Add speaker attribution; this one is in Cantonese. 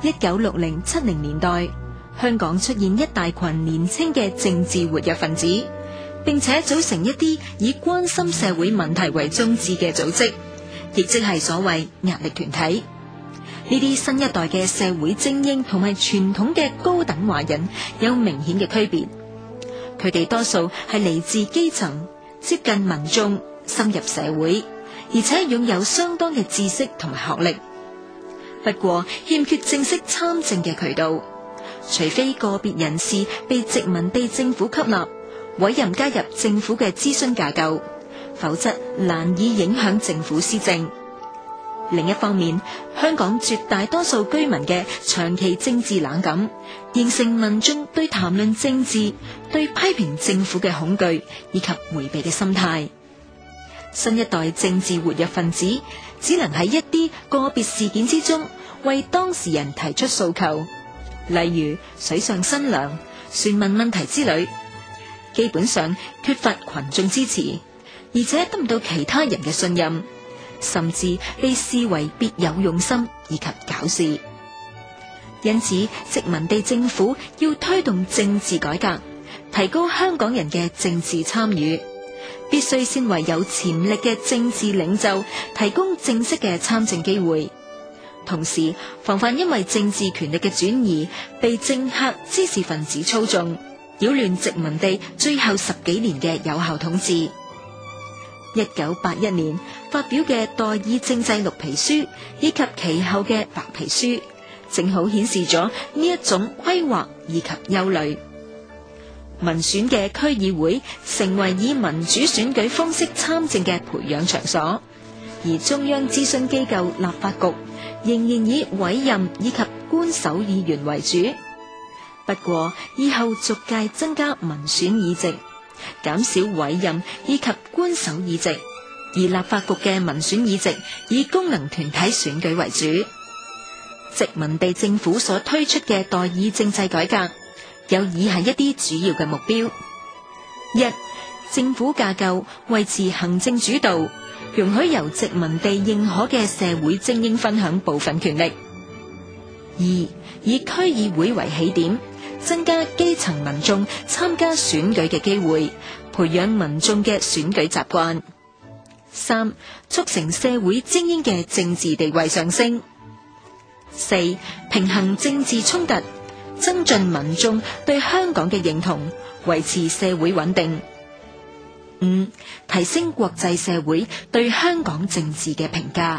Speaker 1: 一九六零七零年代，香港出現一大群年輕嘅政治活躍分子，並且組成一啲以關心社會問題為宗旨嘅組織，亦即係所謂壓力團體。呢啲新一代嘅社會精英同埋傳統嘅高等華人有明顯嘅區別。佢哋多數係嚟自基層，接近民眾，深入社會，而且擁有相當嘅知識同埋學歷。不過欠缺正式參政嘅渠道，除非個別人士被殖民地政府吸納，委任加入政府嘅諮詢架構，否則難以影響政府施政。另一方面，香港絕大多數居民嘅長期政治冷感，形成民眾對談論政治、對批評政府嘅恐懼以及回避嘅心態。新一代政治活躍分子只能喺一啲個別事件之中。為當事人提出訴求，例如水上新娘、船民問，問題之類，基本上缺乏群眾支持，而且得唔到其他人嘅信任，甚至被視為別有用心以及搞事。因此，殖民地政府要推動政治改革，提高香港人嘅政治參與，必須先為有潛力嘅政治領袖提供正式嘅參政機會。同時防範，因為政治權力嘅轉移被政客、知識分子操縱，擾亂殖民地最後十幾年嘅有效統治。一九八一年發表嘅《代議政制綠皮書》以及其後嘅《白皮書》，正好顯示咗呢一種規劃以及憂慮。民選嘅區議會成為以民主選舉方式參政嘅培養場所，而中央諮詢機構立法局。仍然以委任以及官守議員為主，不過以後逐屆增加民選議席，減少委任以及官守議席。而立法局嘅民選議席以功能團體選舉為主。殖民地政府所推出嘅代議政制改革，有以下一啲主要嘅目標：一、政府架構維持行政主導。容許由殖民地認可嘅社會精英分享部分權力；二，以區議會為起點，增加基層民眾參加選舉嘅機會，培養民眾嘅選舉習慣；三，促成社會精英嘅政治地位上升；四，平衡政治衝突，增進民眾對香港嘅認同，維持社會穩定。五，提升國際社會對香港政治嘅評價。